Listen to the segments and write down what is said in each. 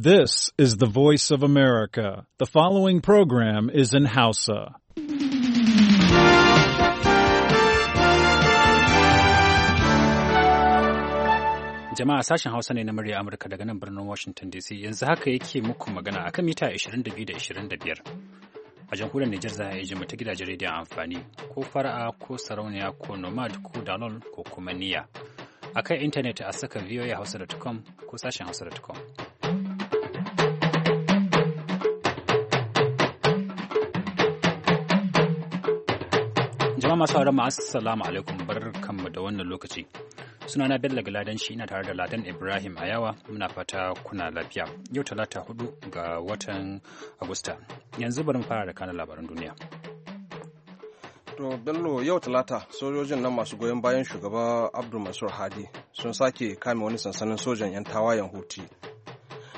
This is the voice of America. The following program is in Hausa. Jama'a sashen Hausa ne na murya Amurka daga nan birnin Washington DC yanzu haka yake muku magana akan mita 22 da 25. A jamhuriyar Nijar za a yi jima ta gidajen rediyon amfani ko fara'a ko sarauniya ko nomad ko dalol ko kuma niya. A kan intanet a saka voahausa.com ko sashen hausa.com. masu haura ma assalamu alaikum bar kanmu da wannan lokaci. Sunana Bello shi ina tare da Ladan Ibrahim Ayawa muna fata kuna lafiya. Yau talata hudu ga watan Agusta. Yanzu barin fara da kanan labaran duniya. To Bello yau talata sojojin nan masu goyon bayan shugaba Abdul Mansur Hadi sun sake kame wani sansanin sojan 'yan tawayen hutu.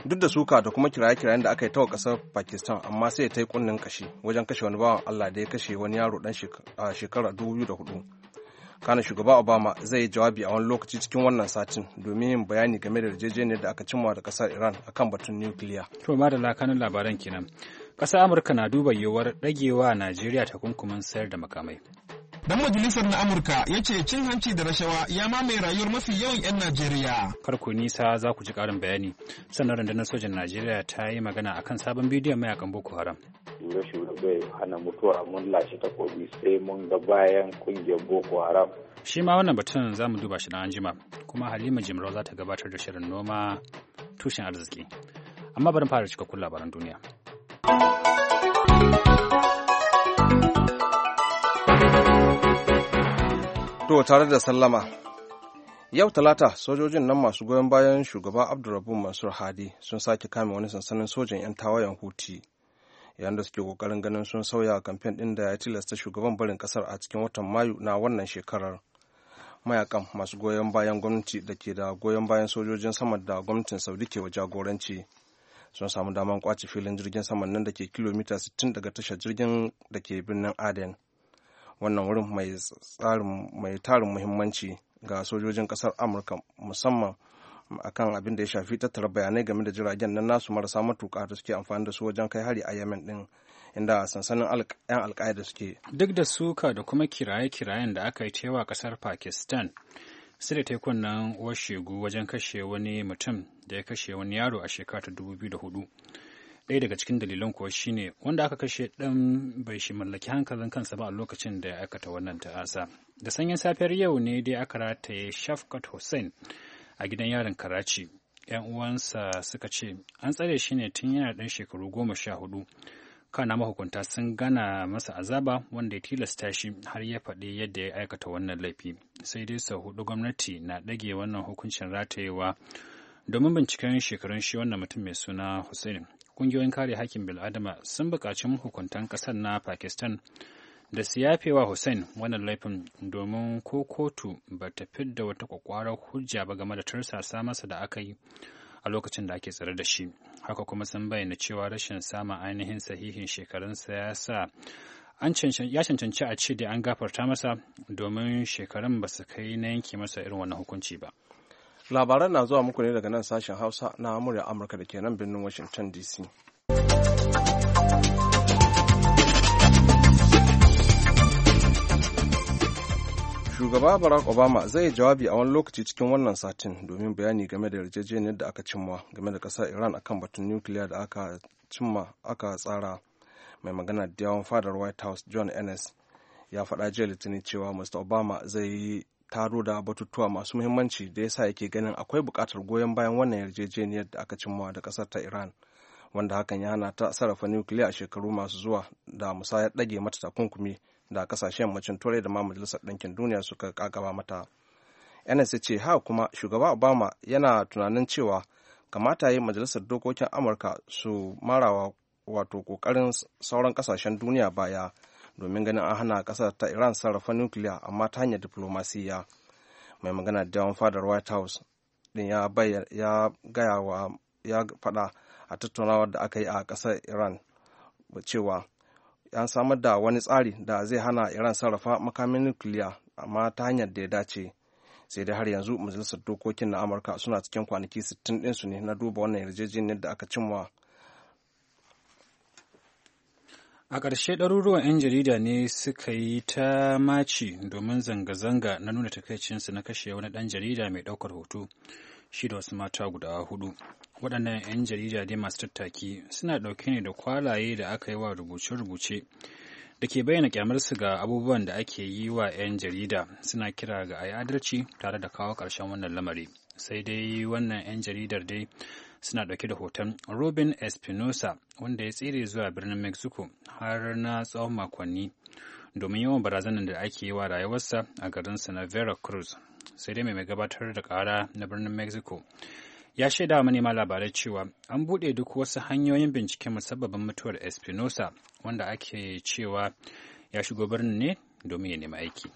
duk da suka da kuma kiraye-kirayen da aka yi ta kasar pakistan amma sai ta yi kunnen kashe wajen kashe wani bawan allah da ya kashe wani yaro dan shekara 2004 kana shugaba obama zai yi jawabi a wani lokaci cikin wannan satin domin yin bayani game da yarjejeniyar da aka cimma da kasar iran akan batun nukiliya to ma da lakanin labaran kenan ƙasar amurka na duba yiwuwar ɗagewa najeriya ta takunkumin sayar da makamai Dan majalisar na Amurka ya ce cin hanci da rashawa ya mamaye rayuwar mafi yawan 'yan Najeriya. Kar ku nisa za ku ji karin bayani. Sannan rundunar sojan Najeriya ta yi magana akan sabon bidiyon mayakan Boko Haram. Lura bai hana mutuwa mun lashe takobi sai mun ga bayan kungiyar Boko Haram. Shi ma wannan batun za mu duba shi na anjima kuma Halima Jimrau za ta gabatar da shirin noma tushen arziki. Amma bari fara cika kun labaran duniya. To tare da sallama. Yau Talata, sojojin nan masu goyon bayan shugaba Abdurrabu Mansur Hadi sun sake kame wani sansanin sojan 'yan tawayen Huti. Yayin da suke kokarin ganin sun sauya kamfen ɗin da ya tilasta shugaban barin ƙasar a cikin watan Mayu na wannan shekarar. Mayakan masu goyon bayan gwamnati da ke da goyon bayan sojojin sama da gwamnatin Saudi ke wa jagoranci. Sun samu damar kwace filin jirgin saman nan da ke kilomita 60 daga tashar jirgin da ke birnin Aden. wannan wurin mai tarin muhimmanci ga sojojin kasar amurka musamman akan abin da ya shafi tattara bayanai game da jiragen nan nasu marasa matuka da suke amfani da su wajen kai hari a yemen din inda sansanin 'yan alkaida suke duk da suka da kuma kiraye-kirayen da aka yi cewa kasar pakistan sai da tekun nan washegu wajen kashe wani mutum da ya kashe wani yaro a shekara ta 2004 ɗaya daga cikin dalilan kuwa shine wanda aka kashe ɗan bai shi mallaki hankalin kansa ba a lokacin da ya aikata wannan ta'asa da sanyin safiyar yau ne dai aka rataye shafkat hussein a gidan yarin karachi yan uwansa suka ce an tsare shi ne tun yana ɗan shekaru goma sha hudu kana mahukunta sun gana masa azaba wanda ya tilasta shi har ya faɗi yadda ya aikata wannan laifi sai dai sau hudu gwamnati na ɗage wannan hukuncin ratayewa domin binciken shekarun shi wannan mutum mai suna Hussein kungiyoyin kare hakkin bil'adama sun buƙaci hukuntan ƙasar na pakistan da su wa hussein wannan laifin domin ko kotu ba ta da wata kwakwarar hujja ba game da tursasa masa da aka yi a lokacin da ake tsare da shi haka kuma sun bayyana cewa rashin samun ainihin sahihin shekarunsa ya sa ya cancanci a ce da an gafarta masa domin shekarun ba su kai na yanke masa irin wannan hukunci ba. labaran na zuwa muku ne daga nan sashen hausa na murya amurka da ke nan birnin washington dc shugaba barack obama zai jawabi a wani lokaci cikin wannan satin domin bayani game da yarjejeniyar da aka cimma game da kasar iran akan batun nukiliya da aka cimma aka tsara mai magana da yawon fadar white house john ennis ya faɗa jiya litinin cewa mr obama zai yi taro da batutuwa masu muhimmanci da yasa yake ganin akwai buƙatar goyon bayan wannan yarjejeniyar da aka cimma da ƙasar ta Iran wanda hakan ya hana ta sarrafa nukiliya a shekaru masu zuwa da musayar ɗage mata takunkumi da ƙasashen yammacin turai da ma majalisar ɗinkin duniya suka kagaba mata. NS ce ha kuma shugaba Obama yana tunanin cewa kamata yi majalisar dokokin Amurka su marawa wato ƙoƙarin sauran ƙasashen duniya baya domin ganin an hana kasar ta iran sarrafa nukiliya amma ta hanyar diplomasiya mai magana da yawan fadar white house din ya gaya wa ya faɗa a tattaunawar da aka yi a kasar iran cewa yan samar da wani tsari da zai hana iran sarrafa makamin nukiliya amma ta hanyar da ya dace sai dai har yanzu majalisar dokokin na amurka suna cikin kwanaki 60 ɗinsu ne na duba wannan yarjejeniyar da aka cimma A ƙarshe ɗaruruwan 'yan jarida ne suka yi ta maci domin zanga-zanga na nuna takaicinsu na kashe wani ɗan jarida mai ɗaukar hoto shi da wasu mata guda hudu. Waɗannan 'yan jarida dai masu tattaki suna ɗauke ne da kwalaye da aka yi wa rubuce-rubuce da ke bayyana kyamarsu ga abubuwan da ake yi wa 'yan jarida suna kira ga a adalci tare da kawo ƙarshen wannan lamari. Sai dai wannan 'yan jaridar dai suna ɗauke da hoton Robin Espinosa wanda ya tsere zuwa birnin Mexico har na tsawon makonni domin yawan barazanar da ake yi wa rayuwarsa a garinsa na vera cruz Sai dai mai gabatar da ƙara na birnin Mexico ya shaida wa manema labarai cewa an buɗe duk wasu hanyoyin binciken musabbabin mutuwar Espinosa wanda ake cewa ya shigo birnin ne domin ya nemi aiki.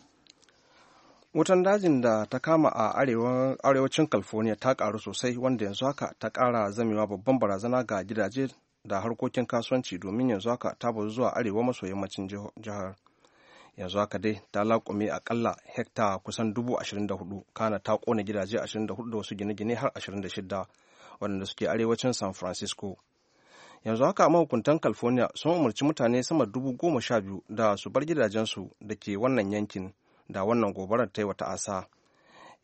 wutan dajin da ta kama a arewacin california ta karu sosai wanda yanzu haka ta kara zamewa babban barazana ga gidaje da harkokin kasuwanci domin yanzu haka ta bazu zuwa arewa maso yammacin jihar yanzu haka dai ta laƙume akalla hekta kusan dubu kana ta ƙone gidaje ashirin da wasu gine-gine har ashirin da waɗanda suke arewacin san francisco yanzu haka mahukuntan california sun umarci mutane sama dubu goma sha biyu da su bar gidajensu da ke wannan yankin da wannan gobarar ta yi wa ta'asa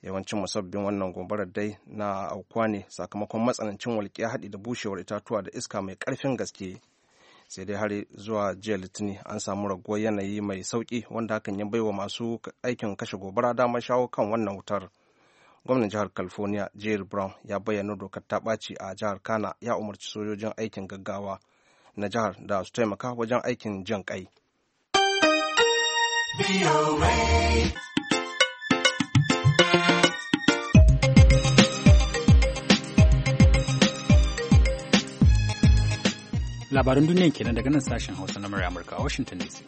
yawancin musabbin wannan gobarar dai na aukuwa ne sakamakon matsanancin walƙiya haɗi da bushewar itatuwa da iska mai ƙarfin gaske sai dai har zuwa jiya litini an samu raguwar yanayi mai sauƙi wanda hakan ya baiwa masu aikin kashe gobara damar shawo kan wannan wutar gwamnan jihar california jerry brown ya bayyana dokar ta ɓaci a jihar kana ya umarci sojojin aikin gaggawa na jihar da su taimaka wajen aikin jan kai Labaran duniya ke kenan daga nan sashen Hausa na murya Amurka a Washington DC.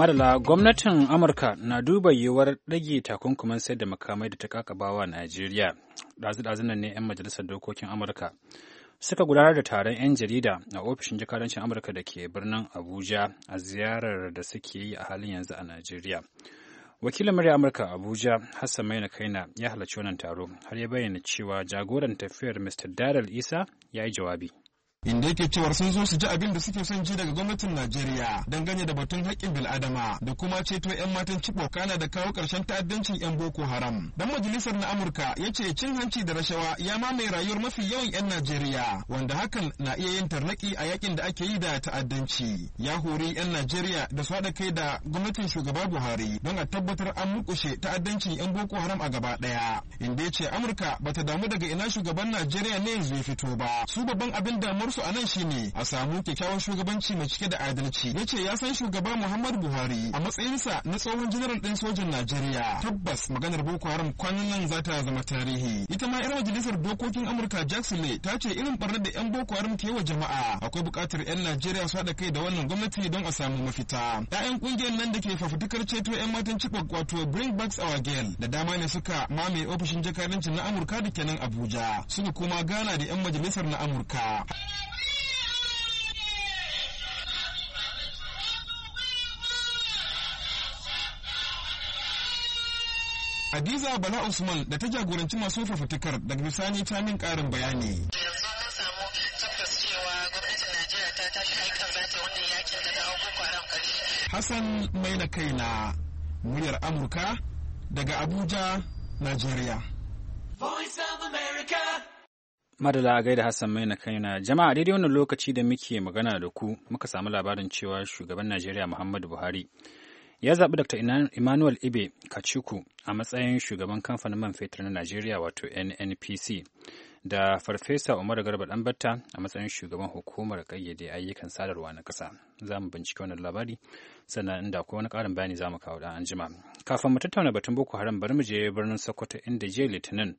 Madala, gwamnatin Amurka na duba yiwuwar ɗage takunkuman sayar da makamai da ta kakabawa Najeriya. ɗazu nan ne 'yan majalisar dokokin Amurka suka gudanar da taron 'yan jarida a ofishin jakadancin amurka da ke birnin abuja a ziyarar da suke yi a halin yanzu a najeriya wakilin murya amurka abuja hassan maina kaina ya halarci wannan taro har ya bayyana cewa jagoran tafiyar mr daryl isa ya yi jawabi inda yake cewar sun zo su ji abin da suke son ji daga gwamnatin Najeriya dangane da batun haƙƙin bil'adama da kuma ceto 'yan matan cibokana da kawo ƙarshen ta'addancin 'yan Boko Haram. Dan majalisar na Amurka ya ce cin hanci da rashawa ya mamaye rayuwar mafi yawan 'yan Najeriya wanda hakan na iya yin tarnaki a yakin da ake yi da ta'addanci. Ya hori 'yan Najeriya da su haɗa kai da gwamnatin shugaba Buhari don a tabbatar an mukushe ta'addancin 'yan Boko Haram a gaba ɗaya. Inda ya ce Amurka bata damu daga ina shugaban Najeriya ne yanzu ya fito ba. Su babban abin damuwar su a nan shine a samu kyakkyawan shugabanci mai cike da adalci ya ce ya san shugaba muhammadu buhari a matsayinsa na tsohon janaral ɗin sojan najeriya tabbas maganar boko haram kwanan nan za ta zama tarihi ita ma yar majalisar dokokin amurka jackson lee ta ce irin barna da yan boko haram ke wa jama'a akwai buƙatar yan najeriya su haɗa kai da wannan gwamnati don a samu mafita ƴaƴan ƙungiyar nan da ke fafutukar ceto yan matan cikwa wato bring back our girl da dama ne suka mamaye ofishin jakadancin na amurka da kenan abuja suka kuma gana da yan majalisar na amurka. Hadiza Bala Usman da ta jagoranci masu fafutukar daga bisani ta min karin bayani. cewa Najeriya ta Hassan mai na kaina muryar Amurka daga Abuja, Najeriya. Voice of America. Madala gaida Hassan mai na kaina jama'a daidai wannan lokaci da muke magana da ku muka samu labarin cewa shugaban Najeriya Muhammadu Buhari ya zaɓi Dr. Emmanuel Ibe Kachuku a matsayin shugaban kamfanin man fetur na Najeriya wato NNPC da Farfesa Umar Garba Ɗanbatta a matsayin shugaban hukumar kayyade ayyukan sadarwa na kasa Za mu bincike wannan labari sannan inda ko wani ƙarin bayani za mu kawo da anjima. Kafin mu tattauna batun Boko Haram bari mu je birnin Sokoto inda jiya Litinin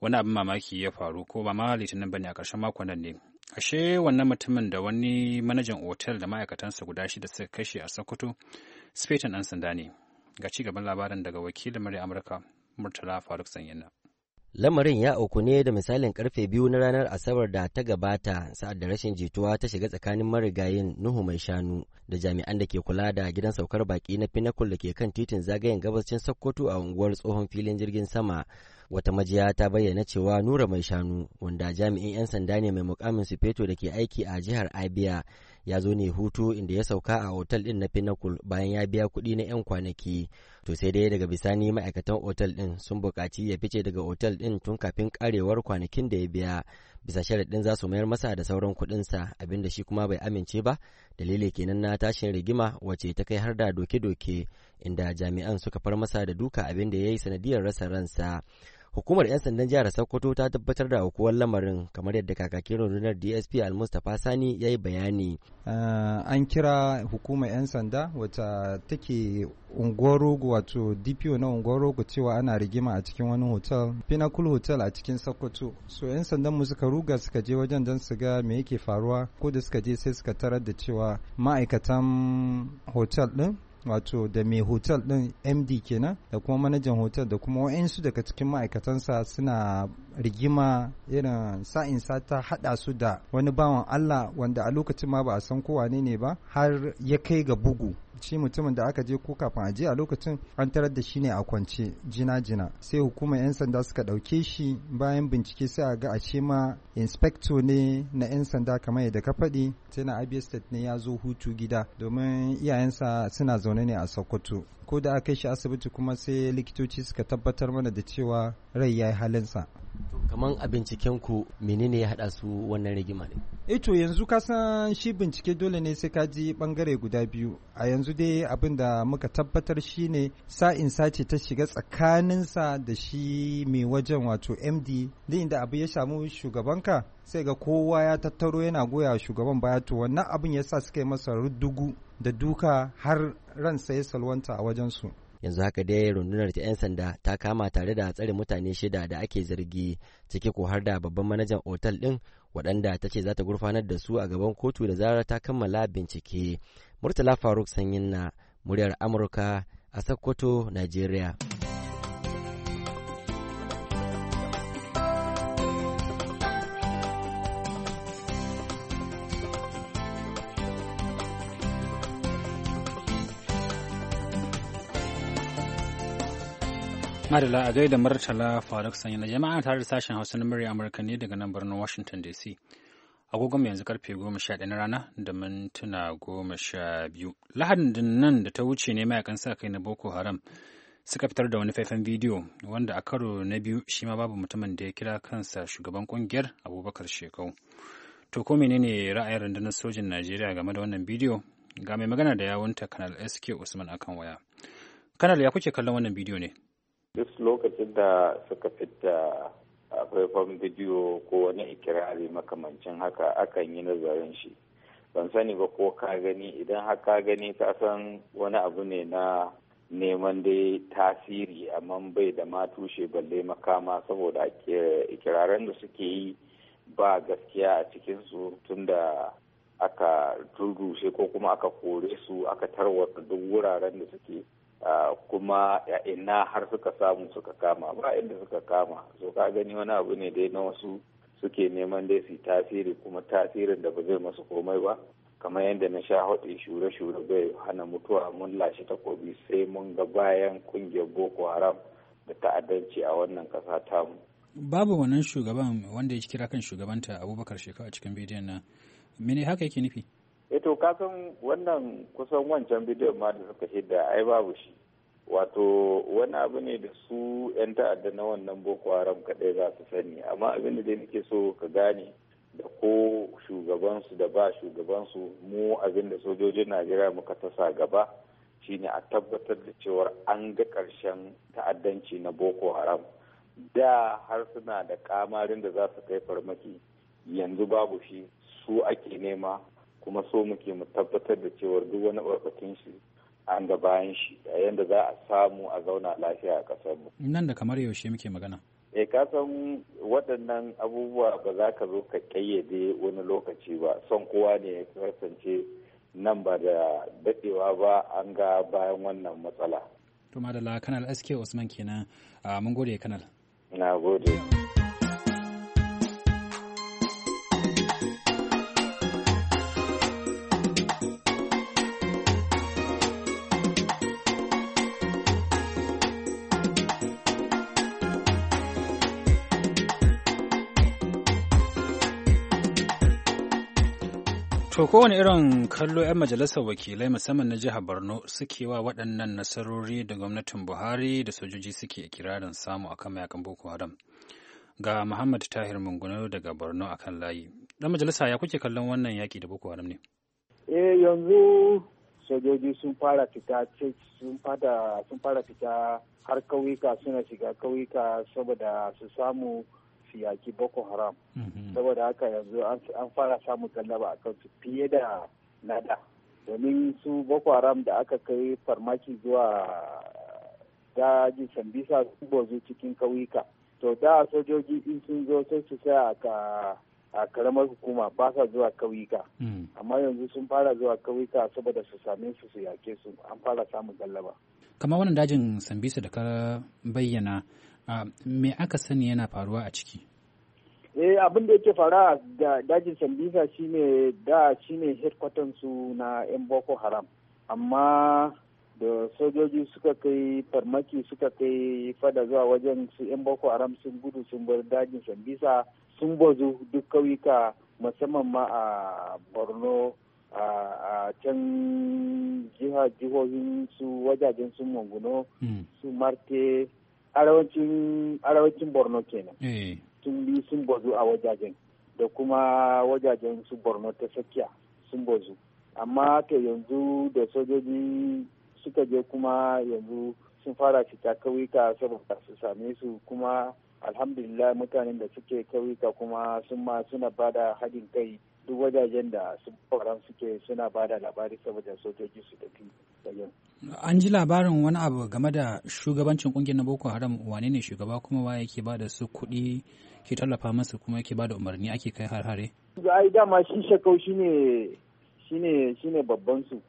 wani abin mamaki ya faru ko ba ma Litinin bane a ƙarshen makon nan ne ashe wannan mutumin da wani manajan otel da ma'aikatansa guda shida suka kashe a sokoto spetan ɗan sanda ne ga ci gaban labarin daga wakilin murya amurka murtala faruk sanyin Lamarin ya auku ne da misalin karfe biyu na ranar Asabar da ta gabata sa'ad da rashin jituwa ta shiga tsakanin marigayin Nuhu mai shanu da jami'an da ke kula da gidan saukar baki na Pinnacle da ke kan titin zagayen gabashin Sokoto a unguwar tsohon filin jirgin sama. Wata majiya ta bayyana cewa Nura mai shanu wanda jami'in 'yan sanda ne mai mukamin Sufeto da ke aiki a jihar Abia ya zo ne hutu inda ya sauka a otal din na Pinnacle bayan ya biya kuɗi na 'yan kwanaki. to sai dai daga bisani ma'aikatan otal din sun buƙaci ya fice daga otal din tun kafin karewar kwanakin da ya biya bisa sharaɗin za su mayar masa da sauran kuɗinsa abinda shi kuma bai amince ba dalili kenan na tashin rigima wace ta kai har da doke-doke inda jami'an suka far masa da duka abinda ya yi sanadiyar rasa ransa Hukumar 'yan sandan jihar Sokoto ta tabbatar da aukuwar lamarin kamar yadda kakakin rundunar DSP Al-Mustapha Sani ya yi bayani. Ah, an kira hukumar 'yan sanda wata take Ungorogo wato DPO na Ungorogo cewa ana rigima a cikin wani hotel, Pinnacle Hotel a cikin Sokoto. So 'yan sandan mu suka ruga suka je wajen don su ga me yake faruwa ko da suka je sai suka tarar da cewa ma'aikatan hotel din wato da mai hotel din md kenan da kuma manajan hotel da kuma wa'insu daga cikin ma'aikatansa suna rigima irin sa'in sata hada su da wani bawan allah wanda a lokacin ma ba a san kowa ne ba har ya kai ga bugu shi mutumin da aka je ko kafin a je a lokacin an tarar da shi ne a kwance jina jina sai hukumar 'yan sanda suka ɗauke shi bayan bincike sai a ga a ce ma inspector ne na 'yan sanda kamar yadda ka faɗi tana abia state ne ya zo hutu gida domin iyayensa suna zaune ne a sokoto ko da aka shi asibiti kuma sai likitoci suka tabbatar mana da cewa rai ya yi halinsa kamar a binciken ku menene ya haɗa su wannan rigima ne eh ito yanzu ka san shi bincike dole ne sai ka ji bangare guda biyu a yanzu dai abin da muka tabbatar shi shine sa'in sace ta shiga tsakaninsa da shi mai wajen wato MD da inda abu ya samu shugabanka sai ga kowa ya tattaro yana goya shugaban baya to wannan abin ya sa suka yi masa ruddugu da duka har ransa ya salwanta a wajensu yanzu haka dai rundunar ta 'yan sanda ta kama tare da tsare mutane shida da ake zargi ciki ko har da babban manajan otal ɗin waɗanda ta ce za ta gurfanar da su a gaban kotu da zarar ta kammala bincike murtala faruk sanyin na muryar amurka a sokoto nigeria Adala a gaida martala Faruk Sanyi na jama'a tare da sashen Hausa na murya Amurka ne daga nan birnin Washington DC. Agogon yanzu karfe goma sha na rana da mintuna goma sha biyu. Lahadin nan da ta wuce ne mayakan sa kai na Boko Haram suka fitar da wani faifan bidiyo wanda a karo na biyu shi ma babu mutumin da ya kira kansa shugaban kungiyar Abubakar Shekau. To ko menene ra'ayin rundunar sojin Najeriya game da wannan bidiyo? Ga mai magana da yawunta Kanal SK Usman akan waya. Kanal ya kuke kallon wannan bidiyo ne? duk lokacin da suka fita faifan bidiyo ko wani ikirari makamancin haka akan yi nazarin shi ban sani ba ko ka gani idan haka gani ka san wani abu ne na neman dai tasiri amma bai da ma tushe balle makama saboda ikiraran da suke yi ba gaskiya a cikinsu tunda aka turgushe ko kuma aka kore su aka tarwata duk wuraren da suke Ah, kuma ina har suka samu suka kama ba inda suka kama so ka gani wani abu ne dai na wasu suke neman dai su tasiri kuma tasirin da ba zai masu komai ba kamar yadda na sha haɗe shure-shure bai hana mutuwa mun lashe takobi sai mun ga bayan kungiyar boko haram da ta'addanci a wannan ƙasa tamu. babu wannan shugaban wanda ya kira kan shugabanta abubakar shekau a cikin bidiyon nan mene haka yake nufi eto eh kasan wannan kusan wancan bidiyon ma da suka shida ai babu shi wato wani abu ne da su 'yan ta'adda na wannan boko haram kadai za su sani amma abin da nake so ka gane da ko shugabansu da ba shugabansu mu abin da sojojin najeriya muka tasa gaba shine a tabbatar da cewar an ga karshen ta'addanci na boko haram da har suna da kamarin da za su kai farmaki yanzu babu shi su ake nema kuma so muke mu tabbatar da cewar duk wani barbatin shi an ga bayan shi a yanda za a samu a zauna lafiya a ƙasar mu nan da kamar yaushe muke magana eh ka san waɗannan abubuwa ba za ka zo ka ƙayyade wani lokaci ba son kowa ne ya kasance nan ba da daɗewa ba an ga bayan wannan matsala to madalla kanal sk usman kenan ah, mun gode kanal na gode To kowane irin kallo 'yan majalisar wakilai musamman na jihar Borno suke wa waɗannan nasarori da gwamnatin Buhari da sojoji suke kirarin samu a kan mayakan Boko Haram. Ga Muhammad Tahir Mungunu daga Borno a kan layi. Ɗan majalisa ya kuke kallon wannan yaƙi da Boko Haram ne? Eh yanzu sojoji sun fara fita sun fara fita har kauyuka suna shiga kauyuka saboda su samu su yaki boko haram mhm. saboda haka yanzu an fara samun tallaba a kansu fiye da nada domin su boko haram da aka kai farmaki zuwa dajin sambisa su bozu cikin kauyuka to da sojoji in sun zo sai su saya a a karamar hukuma ba sa zuwa kauyuka mhm. amma yanzu sun fara zuwa kauyuka saboda su same su su yake su an fara samun gallaba kamar wannan dajin sambisa da ka bayyana me aka sani yana faruwa a ciki eh abin da yake faruwa da dajin sambisa shine da shine headquarters su na yan boko haram amma da sojoji suka kai farmaki suka kai fada zuwa wajen su yan boko haram sun gudu sun bar dajin sambisa sun bazu duk kauyuka musamman ma a borno a can jihohin su wajajen su manguno hmm. su marte arawacin arewacin borno kenan eh. sun bi sun bazu a wajajen da kuma wajajen su borno ta tsakiya sun bazu amma ta yanzu da sojoji suka je kuma yanzu sun fara fita kauyuka saboda su same su kuma alhamdulillah mutanen da suke kauyuka kuma sun ma suna bada haɗin kai duk wajajen da su fara suke suna ba da labari saboda sojoji su tafi wajen. An ji labarin wani abu game da shugabancin kungiyar na Boko Haram wane ne shugaba kuma waye ke ba da su kuɗi ke tallafa masa kuma yake ba da umarni ake kai har-hare? Ai dama shi shakau shine shine shine babban su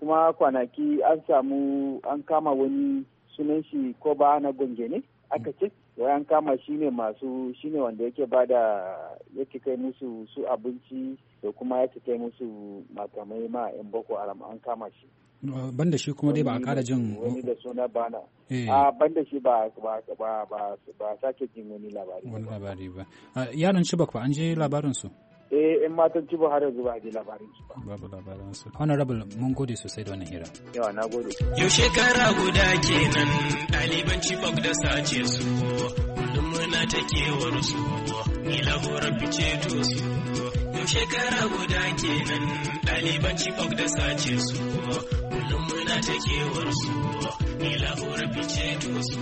kuma kwanaki an samu an kama wani sunan shi ko ba na gonge ne aka ce wai an kama shi masu shine wanda yake bada yake kai musu su abinci da kuma ya kai musu makamai ma yan boko haram an kama shi ban da shi kuma dai ba a kara jin wani da suna bana eh. a da shi ba ba ba ba sake jin wani labari wani labari ba yaran Chibok ba an je labarin su eh in matan Chibok har yanzu ba a je labarin su ba babu labarin su honorable mun gode sosai da wannan hira yawa na gode yau shekara guda kenan ɗaliban Chibok da sace su kullum muna ta kewar su ni lahorar fice to su shekara guda kenan ɗaliban cikok da sace su kullum muna ta kewar su ni lahura fice to su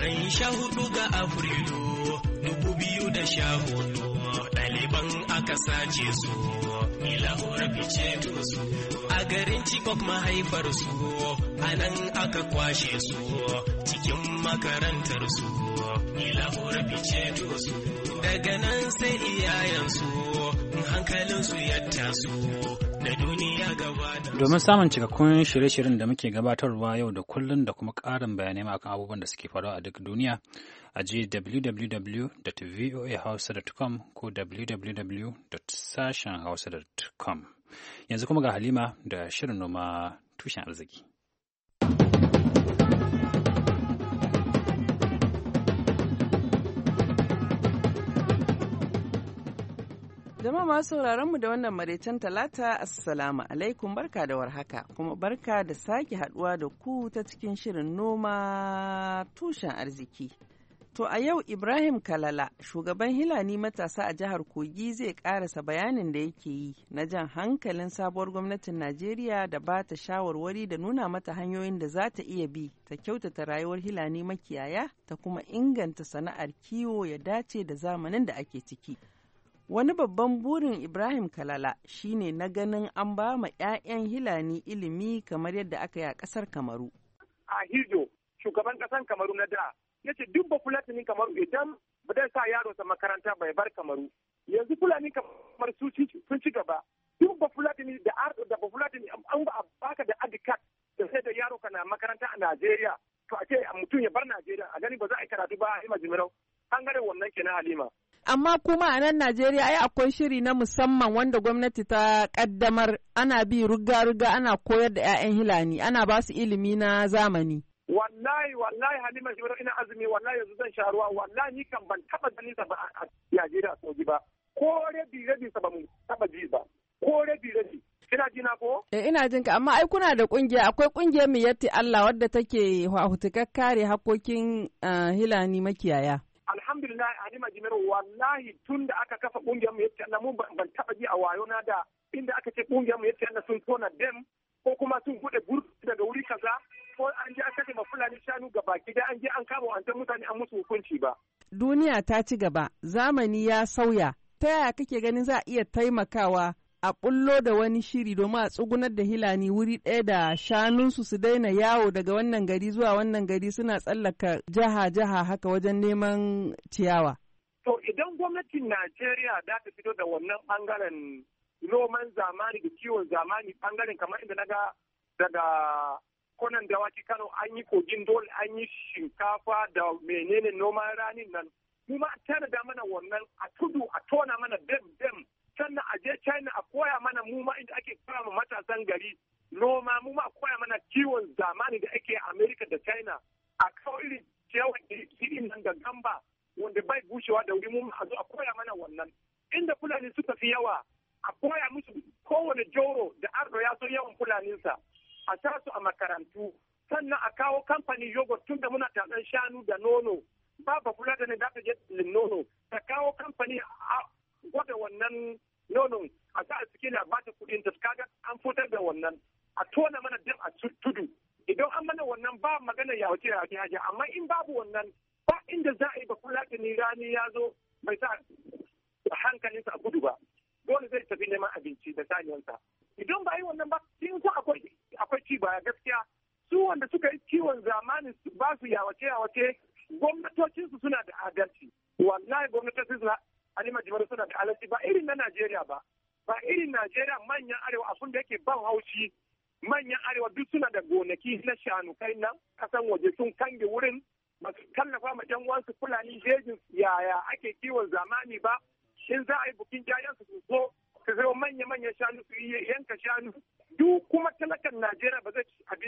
Ran sha hudu ga Afrilu dubu biyu da sha hudu aka sace su ilahura fice su a garin chibok mahaifar su a nan aka kwashe su cikin makarantar su ilahura fice su daga nan sai hankalin su ya taso Domin samun cikakkun shirye-shiryen da muke gabatarwa yau da kullun da kuma ƙarin bayanai akan abubuwan da suke faruwa a duk duniya, a je www.voahausa.com ko www.sashenhausa.com. Yanzu kuma ga Halima da shirin noma tushen arziki. Jama'a masu sauraron mu da wannan maraicen talata assalamu alaikum barka da warhaka kuma barka da sake haduwa da ku ta cikin shirin noma tushen arziki To a yau Ibrahim Kalala, shugaban Hilani matasa a jihar Kogi zai karasa bayanin da yake yi na jan hankalin sabuwar gwamnatin Najeriya da ba ta shawarwari da nuna mata hanyoyin da za ta iya bi ta kyautata rayuwar Hilani makiyaya ta kuma inganta sana'ar kiwo ya dace da zamanin da ake ciki. Wani babban burin Ibrahim Kalala shine na ganin an ba ma 'ya'yan Hilani ilimi kamar yadda aka yi a ƙasar Kamaru. A Hijo, shugaban ƙasan Kamaru na da ya ce duk ba fulatinin kamaru idan ba zai sa makaranta bai bar kamaru yanzu fulani kamar sun ci gaba duk ba fulatini da ardo da ba fulatini an ba baka da adikat da sai da yaro kana makaranta a Najeriya to a ce mutum ya bar Najeriya a gani ba za a yi karatu ba a yi majimirau an gare wannan kenan Halima. Amma kuma a nan Najeriya ai akwai shiri na musamman wanda gwamnati ta kaddamar ana bi ruga-ruga ana koyar da 'ya'yan hilani ana ba su ilimi na zamani. wallahi wallahi halima shi ina azumi wallahi yanzu zan sha ruwa wallahi ni kan ban taba ganin sa ba a Najeriya soji ba ko rabi rabi sa ba mu taba ji ba ko rabi rabi kina ji na ko eh ina jin ka amma ai kuna da kungiya akwai kungiya mai yatti Allah wadda take hutukar kare hakokin eh, hilani makiyaya alhamdulillah halima jimir wallahi tun da aka kafa kungiyar mu yatti Allah mu ban taba ji a wayo na da inda aka ce kungiyar mu yatti Allah sun tona dem ko kuma sun gude bur daga wuri kaza ma Fulani shanu ga baki an je an kama wancan mutane an musu hukunci ba. Duniya ta ci gaba, zamani ya sauya. Ta yaya kake ganin za a iya taimakawa a bullo da wani shiri domin a tsugunar da hilani wuri ɗaya da shanunsu su daina yawo daga wannan gari zuwa wannan gari suna tsallaka jaha-jaha haka wajen neman ciyawa. To idan gwamnatin Najeriya za ta fito da wannan bangaren noman zamani da kiwon zamani bangaren kamar inda naga daga konan dawaki kano an yi kogin dole an yi shinkafa da menene noman ranin nan mu tana da mana wannan a tudu a tona mana bem-bem sannan a je china a koya mana mu inda ake koya ma matasan gari noma mu ma koya mana kiwon zamani da ake america da china a kawo irin cewa irin nan da gamba wanda bai bushewa da wuri mu a zo a koya mana wannan inda fulani suka fi yawa a koya musu kowane joro da ardo ya so yawan fulaninsa a sa su a makarantu sannan a kawo kamfani yogurt tun da muna tatsan shanu da nono ba ba kula da ne za ta je nono ta kawo kamfani a gwada wannan nono a sa a cikin a bata kuɗin ta kaga an fitar da wannan a tona mana duk a tudu idan an mana wannan ba magana ya wuce ya wuce amma in babu wannan ba inda za a yi ba kula da ni rani ya zo bai sa hankalinsa a gudu ba dole zai tafi neman abinci da sanyansa. idan ba yi wannan ba sun san akwai akwai ci baya gaskiya su wanda suka yi ciwon zamani ba su yawace yawace gwamnatocinsu suna da adalci wallahi gwamnatocinsu alima jimar suna da adalci ba irin na najeriya ba ba irin najeriya manyan arewa a abin da yake ban haushi manyan arewa duk suna da gonaki na shanu kai nan kasan waje sun kange wurin ba su tallafa ma yan uwansu fulani jejin yaya ake kiwon zamani ba in za a yi bukin jayansu su zo ta sayo manya-manyan shanu su yanka shanu duk kuma talakan Najeriya ba zai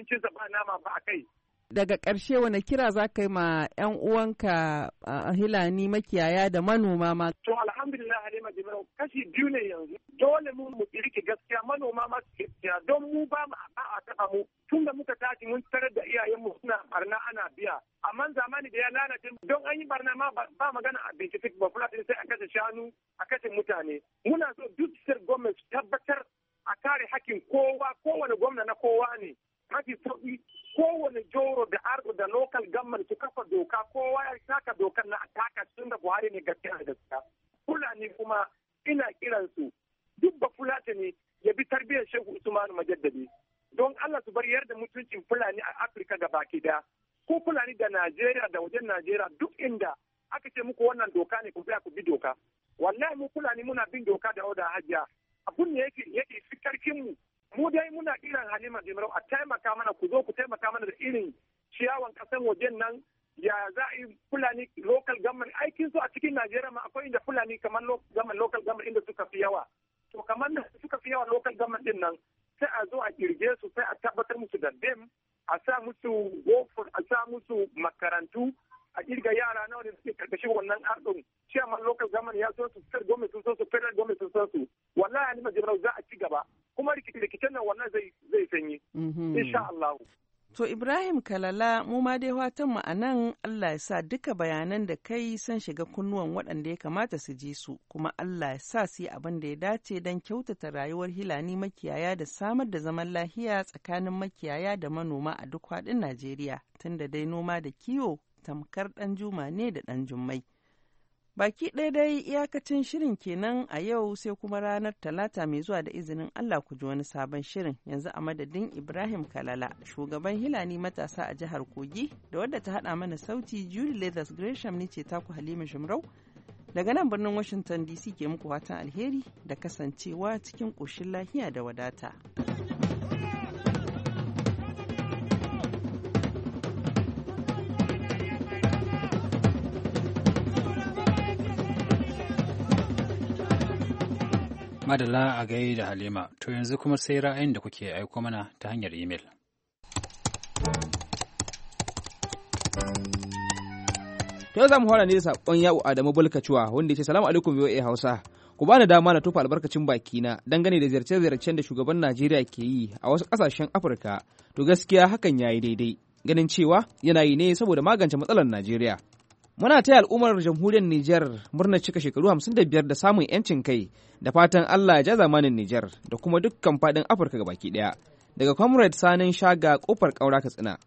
ci sa ba nama ba a kai. Daga ƙarshe wani kira za ka yi ma 'yan uwanka a hilani makiyaya da manoma ma? To alhamdulillah Halima Jimiro kashi biyu ne yanzu dole mu mu kirki gaskiya manoma ma su gaskiya don mu ba mu ba a taba mu tun da muka tashi mun tarar da iyayen mu suna barna ana biya amma zamani da ya lalace don an yi barna ma ba magana a bincike ba da sai a kashe shanu a kashe mutane muna so duk sir gwamnati tabbatar a kare hakkin kowa kowane gwamna na kowa ne mafi sauki kowane joro da da local government su kafa doka kowa ya saka dokar na a taka tun da buhari ne gaskiya da gaskiya fulani kuma ina kiransu ne ya bi tarbiyyar shehu usmanu majaddadi don allah su bar yarda mutuncin fulani a afirka ga baki da ku fulani da najeriya da wajen najeriya duk inda aka ce muku wannan doka ne ku ku bi doka wallahi mu fulani muna bin doka da oda hajiya abun ne yake yake fi mu mu dai muna kiran halima jimarau a taimaka mana ku zo ku taimaka mana da irin ciyawan kasan wajen nan ya za a yi fulani local government aikin su a cikin najeriya ma akwai inda fulani kamar local government inda suka fi yawa malaman da suka fi yawa local government din nan sai a zo a kirge su sai a tabbatar musu da dem a sa musu gofur a sa musu makarantu a kirga yara nawa ne suke karkashi wannan ardun chairman local government ya so su fitar gome sun so su federal gome sun so su wallahi ne majibrau za a ci gaba kuma rikice-rikicen nan wannan zai sanyi mhm. insha Allah To Ibrahim Kalala mu ma dai mu a nan Allah ya sa duka bayanan da kai san shiga kunnuwan waɗanda ya kamata su ji su kuma Allah ya sa su yi abin da ya dace don kyautata rayuwar hilani makiyaya da samar da zaman lahiya tsakanin makiyaya da manoma a duk faɗin Najeriya tunda dai noma da kiwo tamkar ɗan juma ne da ɗan jummai. Baki ɗaya dai iyakacin shirin kenan a yau sai kuma ranar talata mai zuwa da izinin Allah ku ji wani sabon shirin yanzu a madadin Ibrahim Kalala shugaban Hilani matasa a jihar Kogi da wadda ta haɗa mana sauti Julie Leathers Gresham ni ce taku Halima shimrau daga nan birnin Washington DC ke muku fatan alheri da kasancewa cikin ƙoshin lahiya da wadata. Madala a gai da Halima, to yanzu kuma sai ra'ayin da kuke aiko mana ta hanyar imel. To za mu fara ne da saƙon ya'u Adamu Bulkacuwa wanda ya ce salamu alaikum VOA Hausa. Ku bani dama na tufa albarkacin bakina dangane da ziyarce-ziyarcen da shugaban Najeriya ke yi a wasu ƙasashen Afirka. To gaskiya hakan ya yi daidai. Ganin cewa yana yi ne saboda magance matsalar Najeriya. Muna taya al'ummar jamhuriyar Nijar murnar cika shekaru 55 da samun 'yancin kai da fatan Allah ya ja zamanin Nijar da kuma dukkan faɗin Afirka baki ɗaya. Daga Comrade Sanin Shaga kofar ƙaura Katsina.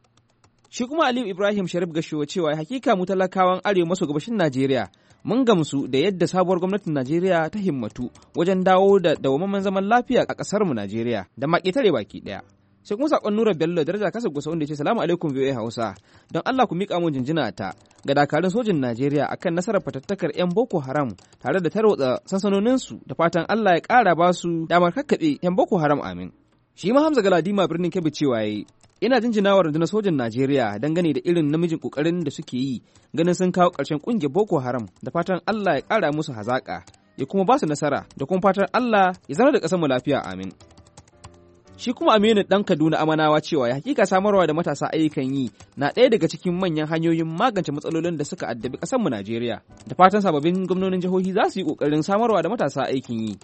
Shi kuma Aliyu Ibrahim Sharif Gashiwa cewa hakika mu talakawan arewa maso gabashin Najeriya mun gamsu da yadda sabuwar gwamnatin Najeriya ta himmatu wajen dawo da dawwammamen zaman lafiya a ƙasarmu Najeriya da maƙetare baki ɗaya. sai kuma sakon nura bello daraja kasa gusa wanda ce salamu alaikum biyu hausa don allah ku miƙa mun jinjina ta ga dakarun sojin najeriya akan nasarar fatattakar yan boko haram tare da tarwatsa sansanoninsu da fatan allah ya ƙara ba su damar kakkaɓe yan boko haram amin shi ma hamza galadima birnin kebbi cewa ya ina jinjina wa rundunar sojin najeriya dangane da irin namijin kokarin da suke yi ganin sun kawo ƙarshen ƙungiyar boko haram da fatan allah ya ƙara musu hazaƙa ya kuma ba su nasara da kuma fatan allah ya zama da ƙasar mu lafiya amin Shi kuma Aminu ɗan Kaduna Amanawa cewa ya hakika samarwa da matasa ayyukan yi na ɗaya daga cikin manyan hanyoyin magance matsalolin da suka addabi mu Najeriya. Da fatan sababbin gwamnonin jihohi za su yi ƙoƙarin samarwa da matasa aikin yi.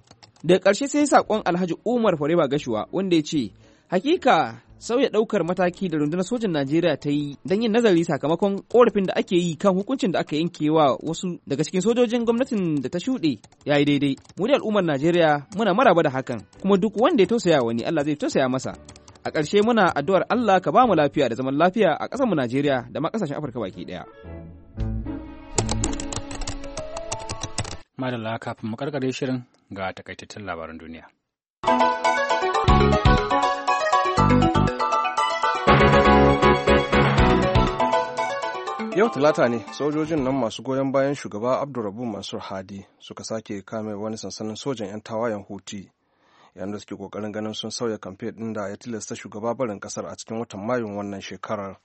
Daga ƙarshe sai saƙon Alhaji Umar Fariba Gashuwa wanda ya ce Hakika sauya ɗaukar mataki da rundunar sojin Najeriya ta yi don yin nazari sakamakon korafin da ake yi kan hukuncin da aka yanke wa wasu daga cikin sojojin gwamnatin da ta shuɗe ya yi daidai. Mu da al'ummar Najeriya muna maraba da hakan kuma duk wanda ya tausaya wani Allah zai tausaya masa. A ƙarshe muna addu'ar Allah ka ba mu lafiya da zaman lafiya a ƙasarmu Najeriya da ma ƙasashen Afirka baki ɗaya. Madalla kafin mu karkare shirin ga takaitattun labaran duniya. yau talata ne sojojin nan masu goyon bayan shugaba abdurrabu mansur hadi suka sake kame wani sansanin sojan 'yan tawayen huti yayin da suke kokarin ganin sun sauya kamfe ɗin da ya tilasta shugaba barin kasar a cikin watan mayun wannan shekarar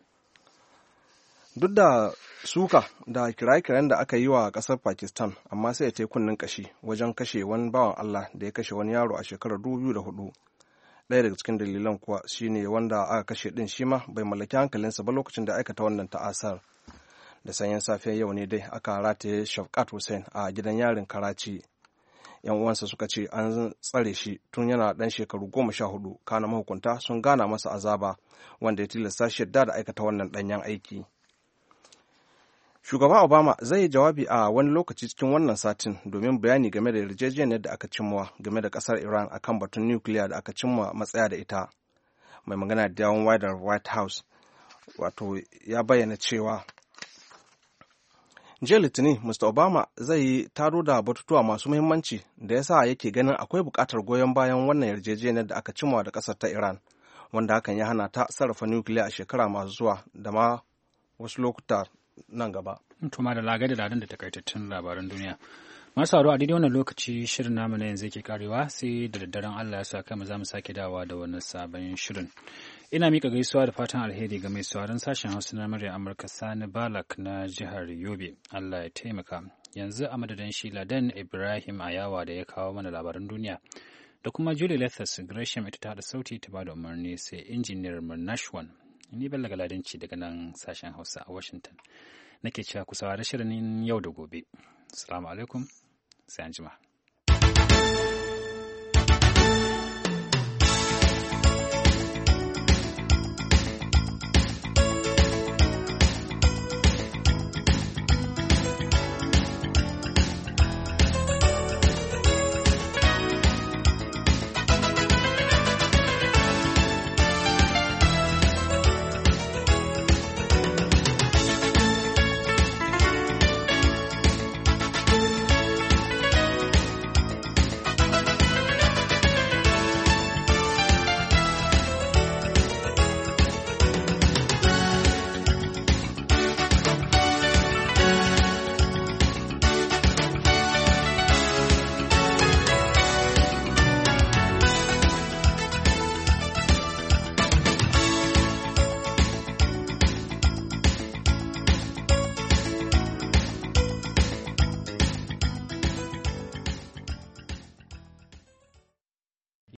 duk da suka da kiraye-kirayen da aka yi wa kasar pakistan amma sai ya ta kunnen kashi wajen kashe wani bawan allah da ya kashe wani yaro a shekarar 2004 ɗaya daga cikin dalilan kuwa shine wanda aka kashe ɗin shi ma bai mallaki hankalinsa ba lokacin da aikata wannan ta'asar. da sanyin safiyar yau ne dai aka rataye shafkat hussein a gidan yarin karaci yan uwansa suka ce an tsare shi tun yana dan shekaru goma sha hudu kana mahukunta sun gana masa azaba wanda ya tilasta shi yadda da aikata wannan danyen aiki shugaba obama zai yi jawabi a wani lokaci cikin wannan satin domin bayani game da yarjejeniyar da aka cimma game da kasar iran akan batun nukiliya da aka cimma matsaya da ita mai magana da yawon white house wato ya bayyana cewa jiya litinin mr obama zai yi taro da batutuwa masu muhimmanci da ya sa yake ganin akwai bukatar goyon bayan wannan yarjejeniyar da aka cimma da ƙasar ta iran wanda hakan ya hana ta sarrafa nukiliya a shekara masu zuwa da ma wasu lokuta nan gaba. Tuma da lagar da ladan da takaitattun labaran duniya. Masu a daidai wannan lokaci shirin namu na yanzu yake karewa sai da daddaren Allah ya sa kai mu za mu sake dawa da wani sabon shirin. ina mika gaisuwa da fatan alheri ga mai sauran sashen hausa na murya amurka sani balak na jihar yobe allah ya taimaka yanzu a madadin shi ladan ibrahim ayawa da ya kawo mana labaran duniya da kuma julie lethas gresham ita ta haɗa sauti ta ba da umarni sai injiniyar nashwan ni bella galadinci daga nan sashen hausa a washington nake cewa ku saurari shirin yau da gobe salamu alaikum sai anjima